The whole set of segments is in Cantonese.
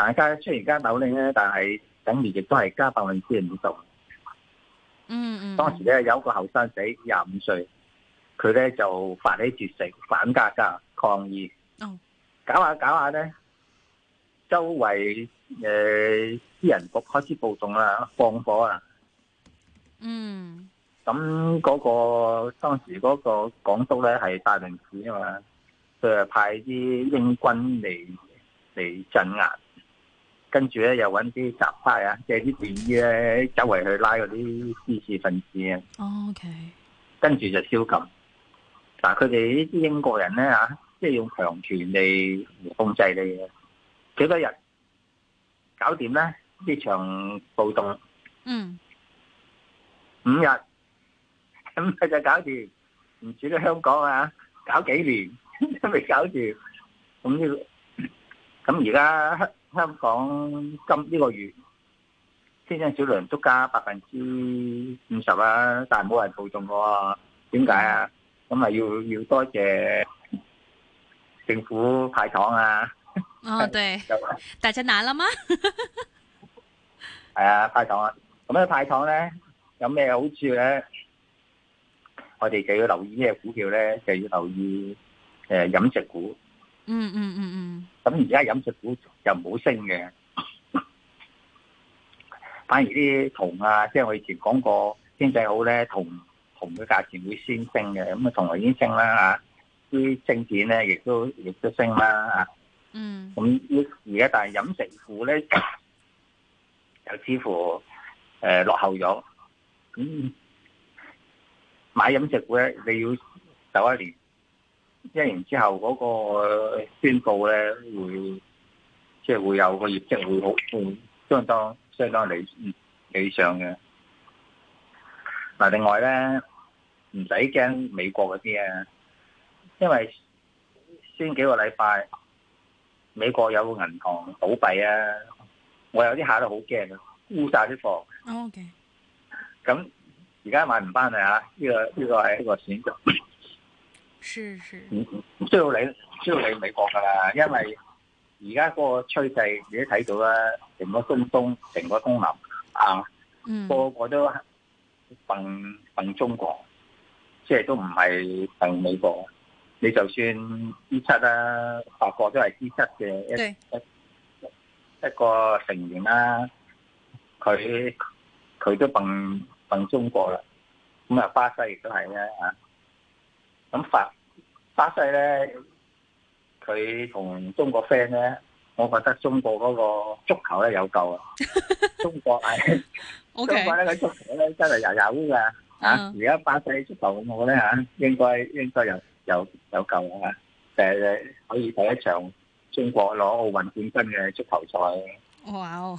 大家雖然加扭令咧，但係等於亦都係加百分之五十。嗯嗯，當時咧有個後生仔廿五歲，佢咧就發起絕食、反加價、抗議。哦，搞下搞下咧，周圍誒私、呃、人局開始暴動啦、放火啊。嗯，咁嗰、那個當時嗰個港督咧係戴麟趾啊嘛，佢係派啲英軍嚟嚟鎮壓。跟住咧又揾啲雜派啊，即係啲便衣咧喺周圍去拉嗰啲滋事分子啊。OK。跟住就宵禁。嗱，佢哋呢啲英國人咧啊，即係用強權嚟控制你嘅。幾多日搞掂咧？呢場暴動。嗯。五日，咁咪就搞掂？唔似得香港啊，搞幾年都未搞掂，咁要咁而家？香港今呢個月先生小梁都加百分之五十啦，但係冇人報中喎，點解啊？咁啊要要多謝政府派糖啊！哦，對，大嗱嗱喇嘛？係啊，派糖啊！咁咧派糖咧有咩好處咧？我哋就要留意咩股票咧？就要留意誒飲食股。嗯嗯嗯嗯，咁而家飲食股又唔好升嘅，反而啲銅啊，即係我以前講過，經濟好咧，銅銅嘅價錢會先升嘅，咁啊銅已經升啦啊，啲證券咧亦都亦都升啦啊，嗯，嗯，咁而家但係飲食股咧又似乎誒落後咗，咁買飲食股咧你要走一年。一完之後嗰個宣布咧，會即係會有個業績會好，會相當相當理理想嘅。嗱，另外咧唔使驚美國嗰啲啊，因為先幾個禮拜美國有個銀行倒閉啊，我有啲嚇得好驚啊，沽晒啲貨。O K. 咁而家買唔翻嚟啊！呢個呢個係一個選擇。是是，需要你，需要你美國噶啦，因為而家嗰個趨勢你都睇到啦，成個中東,東，成個東南，啊，個個都笨笨中國，即係都唔係笨美國。你就算 G7 啦，法國都係 G7 嘅一一個成員啦、啊，佢佢對 都笨笨中國啦，咁啊，巴西亦都係啊。咁法巴西咧，佢同中國 friend 咧，我覺得中國嗰個足球咧有救啊！中國係，中國咧個足球咧真係有有噶吓。而家巴西足球我覺得吓，應該應該有有有救啊！誒，可以睇一場中國攞奧運冠軍嘅足球賽。哇！Wow.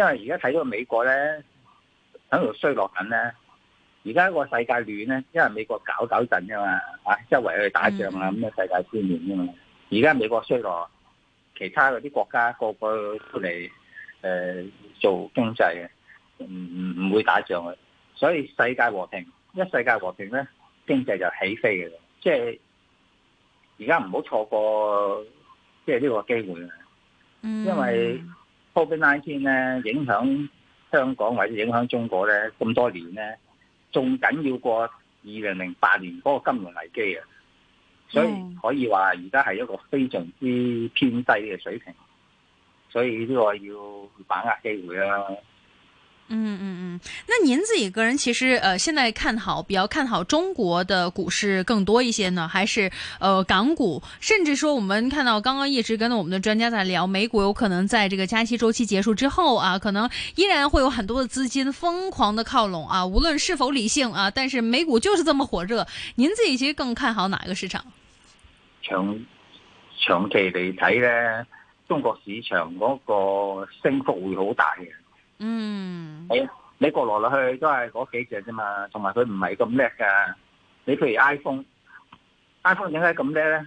因為而家睇到美國咧，喺度衰落緊咧，而家個世界亂咧，因為美國搞搞震啫嘛，吓周圍去打仗啊，咁世界亂亂噶嘛。而家美國衰落，其他嗰啲國家個個出嚟誒做經濟嘅，唔唔唔會打仗嘅，所以世界和平。一世界和平咧，經濟就起飛嘅，即係而家唔好錯過即係呢個機會啊！因為、嗯波比拉天咧，影響香港或者影響中國咧，咁多年咧，仲緊要過二零零八年嗰個金融危機啊！所以可以話，而家係一個非常之偏低嘅水平，所以呢個要把握機會啊！嗯嗯嗯，那您自己個人其實呃，現在看好比較看好中國的股市更多一些呢，還是呃港股？甚至說我們看到剛剛一直跟我們的專家在聊，美股有可能在這個加息周期結束之後啊，可能依然會有很多的資金瘋狂的靠攏啊，無論是否理性啊，但是美股就是這麼火熱。您自己其實更看好哪一個市場？長長期嚟睇呢，中國市場嗰個升幅會好大嘅。嗯。你你來來去去都係嗰幾隻啫嘛，同埋佢唔係咁叻噶。你譬如 iPhone，iPhone 點解咁叻咧？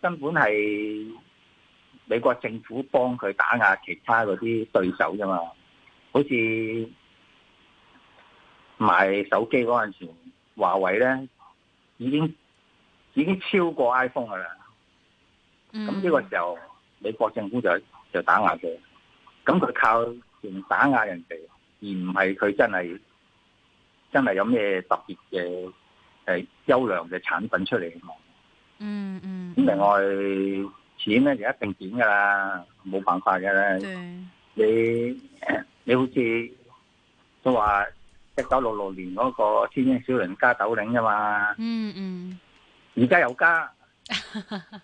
根本係美國政府幫佢打壓其他嗰啲對手啫嘛。好似賣手機嗰陣時，華為咧已經已經超過 iPhone 噶啦。咁呢個時候，美國政府就就打壓佢，咁佢靠用打壓人哋。而唔係佢真係真係有咩特別嘅誒優良嘅產品出嚟嘅，嗯，嗯外嗯。另外錢咧就一定點噶啦，冇辦法嘅啦對。你你好似都話一九六六年嗰個天星小輪加斗零啫嘛，嗯嗯。而家又加，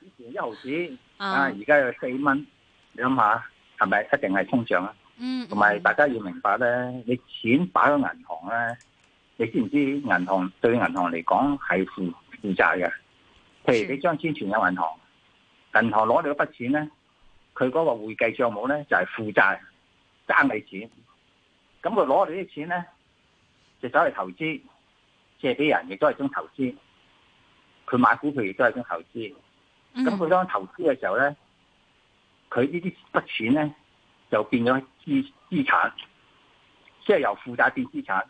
以前一毫紙， 嗯、啊，而家有四蚊，你諗下係咪一定係通脹啊？同埋大家要明白咧，你錢擺喺銀行咧，你知唔知銀行對銀行嚟講係負負債嘅？譬如你將錢存入銀行，銀行攞你嗰筆錢咧，佢嗰個會計賬務咧就係負債，爭你錢。咁佢攞你啲錢咧，就走嚟投資，借俾人亦都係一種投資。佢買股票亦都係一種投資。咁佢當投資嘅時候咧，佢呢啲筆錢咧。就變咗資資產，即係由負債變資產，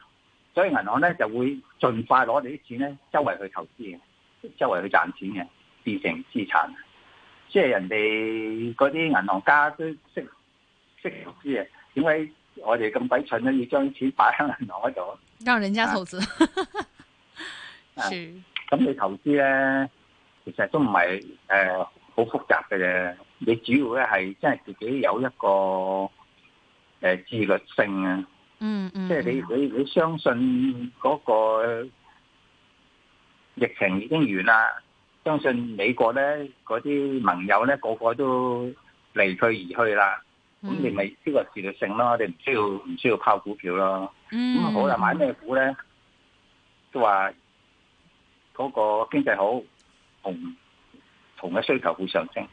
所以銀行咧就會盡快攞你啲錢咧，周圍去投資，周圍去賺錢嘅，變成資產。即係人哋嗰啲銀行家都識識投資嘅，點解我哋咁鬼蠢咧？要將啲錢擺喺銀行嗰度，讓人家投資。咁你投資咧，其實都唔係誒好複雜嘅啫。你主要咧係真係自己有一個誒、呃、自律性啊，嗯嗯，即、嗯、係你你你相信嗰個疫情已經完啦，相信美國咧嗰啲盟友咧個個都離佢而去啦，咁、嗯、你咪呢個自律性咯，你唔需要唔需要拋股票咯，咁、嗯、好啦，買咩股咧都話嗰個經濟好同同嘅需求會上升。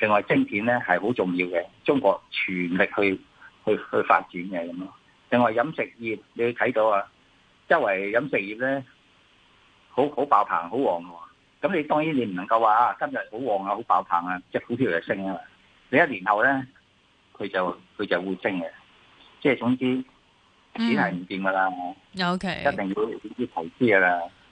另外晶片咧係好重要嘅，中國全力去去去發展嘅咁咯。另外飲食業，你會睇到啊，周圍飲食業咧好好爆棚，好旺嘅喎。咁你當然你唔能夠話啊，今日好旺啊，好爆棚啊，隻股票就升啊嘛。你一年後咧，佢就佢就會升嘅，即係總之錢係唔掂嘅啦。我有、嗯 okay. 一定要啲投資嘅啦。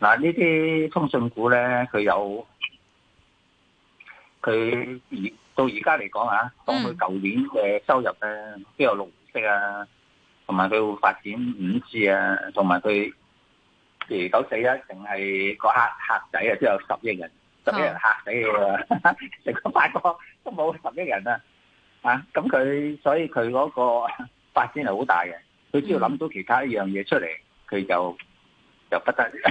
嗱，呢啲通信股咧，佢有佢而到而家嚟講啊，當佢舊年嘅收入咧都有六億啊，同埋佢會發展五 G 啊，同埋佢譬如九四一，淨係個客客仔啊，都有十億人，十億人嚇死佢啊，成個八個都冇十億人啊！啊，咁佢所以佢嗰個發展係好大嘅，佢只要諗到其他一樣嘢出嚟，佢就就不得了。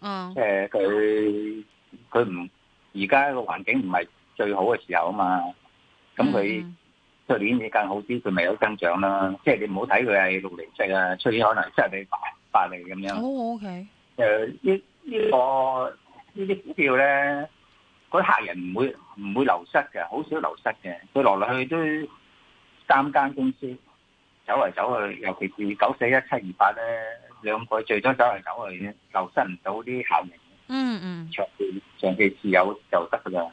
嗯，即係佢佢唔而家個環境唔係最好嘅時候啊嘛，咁佢去年已經更好啲，佢咪有增長啦。即係、嗯、你唔好睇佢係六零息啊，出年可能七、八、八厘咁樣。O K。誒，okay 這個這個這個、呢呢個呢啲股票咧，嗰啲客人唔會唔會流失嘅，好少流失嘅。佢落來去都三間公司走嚟走去，尤其是九四一七二八咧。兩個最終走嚟走去咧，流失唔到啲效應。嗯嗯，長期長期持有就得㗎喇。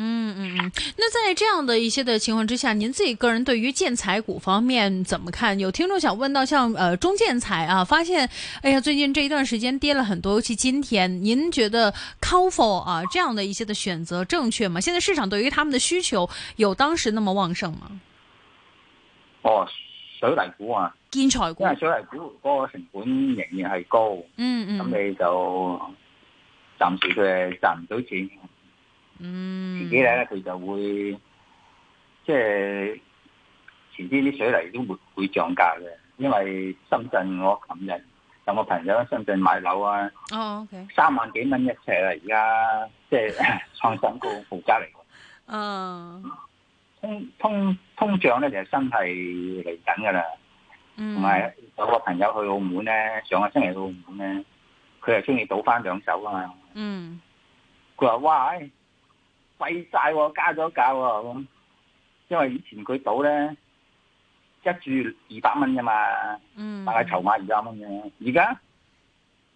嗯嗯，嗯，那在這樣的一些的情況之下，您自己個人對於建材股方面怎麼看？有聽眾想問到像，像呃中建材啊，發現，哎呀，最近這一段時間跌了很多，尤其今天。您覺得 c a 啊？這樣的一些的選擇正確嗎？現在市場對於他們的需求有當時那麼旺盛嗎？哦。水泥股啊，建材股，因為水泥股嗰個成本仍然係高，咁你就暫時佢係賺唔到錢。嗯，前幾日咧佢就會即係前啲啲水泥都會會漲價嘅，因為深圳我琴日有個朋友喺深圳買樓啊，哦，三萬幾蚊一尺啊，而家即係創新高房價嚟嘅。嗯。通通通脹咧就係真係嚟緊噶啦，同埋、嗯、有個朋友去澳門咧，上個星期去澳門咧，佢係中意賭翻兩手啊嘛。嗯，佢話哇唉貴晒，加咗價喎。」咁，因為以前佢賭咧一注二百蚊啫嘛，嗯，大概籌碼二百蚊嘅。而家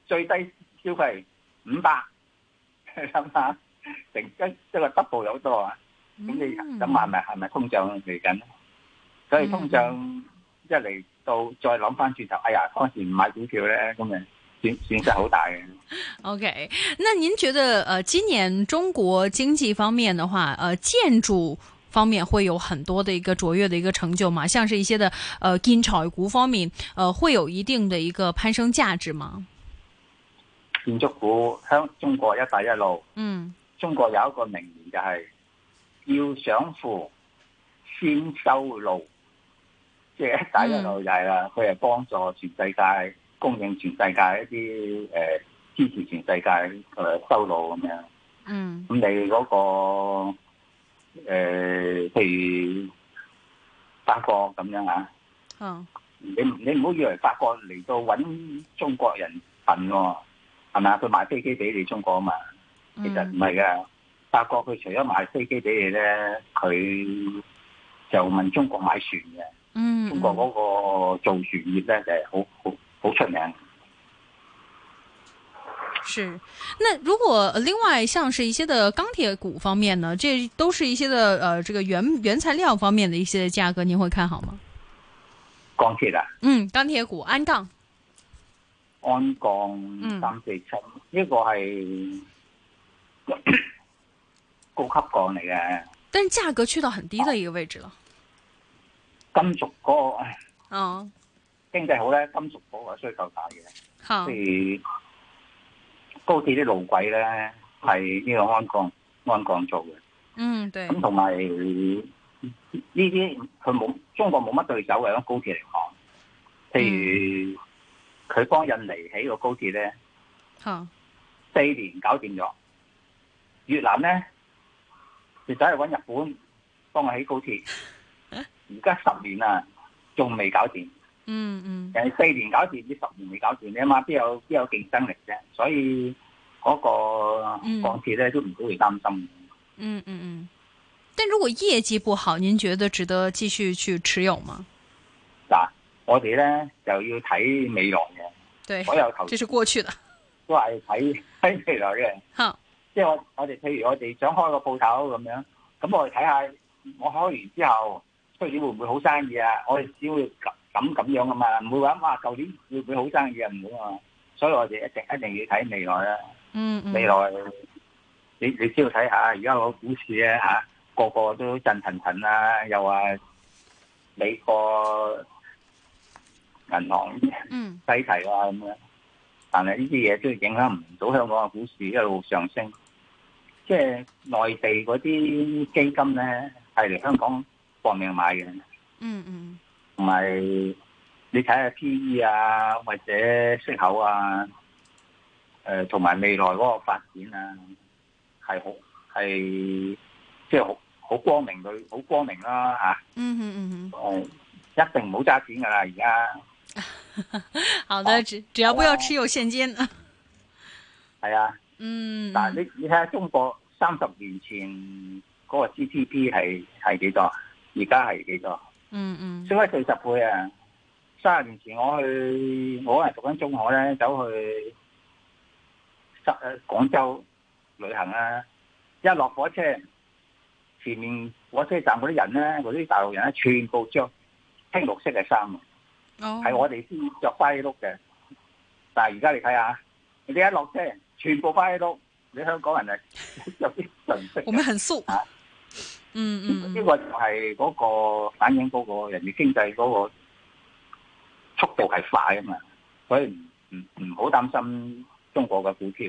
最低消費五百，諗下成一即係 double 有多啊！咁、嗯、你咁話咪係咪通脹嚟緊？所以通脹一嚟到，再諗翻轉頭，哎呀，當時唔買股票咧，咁樣損損失好大嘅。OK，那您覺得，誒、呃，今年中國經濟方面嘅話，誒、呃，建築方面會有很多嘅一個卓越嘅一個成就嘛？像是一些嘅誒、呃，建材股方面，誒、呃，會有一定嘅一個攀升價值嗎？建築股，香港中國一帶一路，嗯，中國有一個名言就係、是。要想富，先修路，即係一帶一路就係啦。佢係幫助全世界供應全世界一啲誒，支持全世界誒修路咁樣。嗯，咁你嗰個誒，譬如法國咁樣啊，嗯，你你唔好以為法國嚟到搵中國人笨咯，係咪啊？佢買飛機俾你中國啊嘛，其實唔係噶。法國佢除咗買飛機俾你咧，佢就問中國買船嘅。嗯，中國嗰個造船業咧，就係好好好出名。是，那如果另外像是一些嘅鋼鐵股方面呢？這都是一些的，呃，這個原原材料方面的一些價格，你會看好嗎？鋼鐵啊，嗯，鋼鐵鋼鐵，嗯，鋼鐵股鞍鋼，鞍鋼三四七，呢個係。高級鋼嚟嘅，但係價格去到很低的一個位置啦，那個 oh.。金屬嗰個，嗯、oh.，經濟好咧，金屬嗰個嘅需求大嘅，譬如高鐵啲路軌咧，係呢個鞍鋼、鞍鋼做嘅。嗯，對。咁同埋呢啲佢冇中國冇乜對手嘅，咁高鐵嚟講，譬如佢幫、mm. 印尼起個高鐵咧，四、oh. 年搞掂咗，越南咧。你走去搵日本幫我起高鐵，而家、啊、十年啦，仲未搞掂、嗯。嗯嗯，人哋四年搞掂，你十年未搞掂你啊嘛，邊有邊有競爭力啫。所以嗰個港鐵咧、嗯、都唔好去擔心。嗯嗯嗯，但如果業績不好，您覺得值得繼續去持有嗎？嗱，我哋咧就要睇未來嘅，所對有投資是過去的，都係睇睇未來嘅。即係我我哋，譬如我哋想開個鋪頭咁樣，咁我哋睇下我開完之後，出年會唔會好生意啊？我哋只會咁咁樣噶嘛，唔會話哇舊年會唔會好生意啊？唔會啊，所以我哋一定一定要睇未來啦。嗯嗯，未來你你只要睇下，而家個股市咧吓，個個都震騰騰啊，又話美國銀行低提啊咁樣，但係呢啲嘢都影響唔到香港嘅股市一路上升。即係內地嗰啲基金咧，係嚟香港搏命買嘅。嗯嗯，同埋你睇下 PE 啊，或者息口啊，誒、呃，同埋未來嗰個發展啊，係好係即係好好光明，佢好光明啦、啊、吓。啊、嗯哼嗯嗯嗯，哦、呃，一定唔好揸錢噶啦，而家。 好的，只、啊、只要不要持有現金。係啊。啊嗯。但係你你睇下中國。三十年前嗰個 GDP 係係幾多？而家係幾多？嗯嗯、mm，升咗四十倍啊！三十年前我去，我係讀緊中學咧，走去三誒廣州旅行啦、啊。一落火車，前面火車站嗰啲人咧，嗰啲大陸人咧，全部着青綠色嘅衫，係、oh. 我哋先着翻衣鹿嘅。但係而家你睇下，你一落車，全部花衣鹿。你香港人我們很啊，有啲信息嘅嚇，嗯嗯，呢個就係嗰個反映嗰個人哋經濟嗰個速度係快啊嘛，所以唔唔唔好擔心中國嘅股票。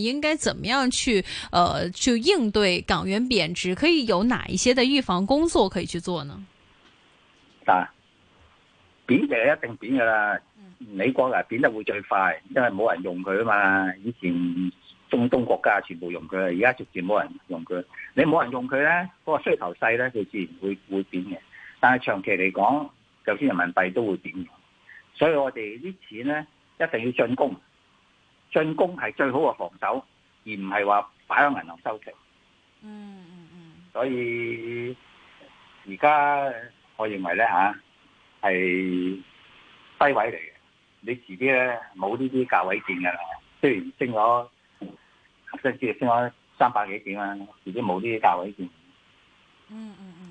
應該怎麼樣去，呃，去應對港元貶值？可以有哪一些的預防工作可以去做呢？答、啊：貶值係一定貶噶啦，嗯、美國啊貶得會最快，因為冇人用佢啊嘛。以前中東國家全部用佢，而家逐漸冇人用佢。你冇人用佢咧，個需求細咧，佢自然會會貶嘅。但係長期嚟講，就算人民幣都會貶，所以我哋啲錢咧一定要進攻。進攻係最好嘅防守，而唔係話擺響銀行收錢、嗯。嗯嗯嗯。所以而家我認為咧吓係低位嚟嘅，你遲啲咧冇呢啲價位見嘅啦。雖然升咗，即係之前升咗三百幾點啊，遲啲冇呢啲價位見、嗯。嗯嗯嗯。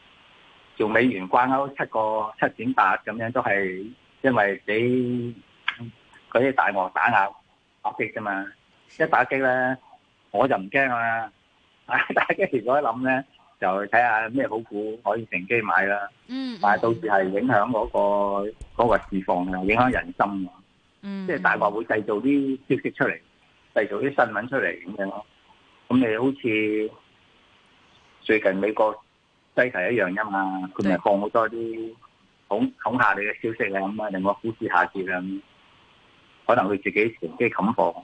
用美元掛勾七個七點八咁樣都係，因為俾嗰啲大鱷打壓打擊啫嘛。一打擊咧，我就唔驚啦。打擊如果一諗咧，就睇下咩好股可以乘機買啦。嗯，但係到時係影響嗰個嗰個市況嘅，影響人心嘅。嗯，即係大鱷會製造啲消息出嚟，製造啲新聞出嚟咁樣咯？咁你好似最近美國。低提一,一樣啫嘛，佢咪放好多啲恐恐嚇你嘅消息啊，咁啊令我股市下跌，咁可能佢自己乘機冚貨。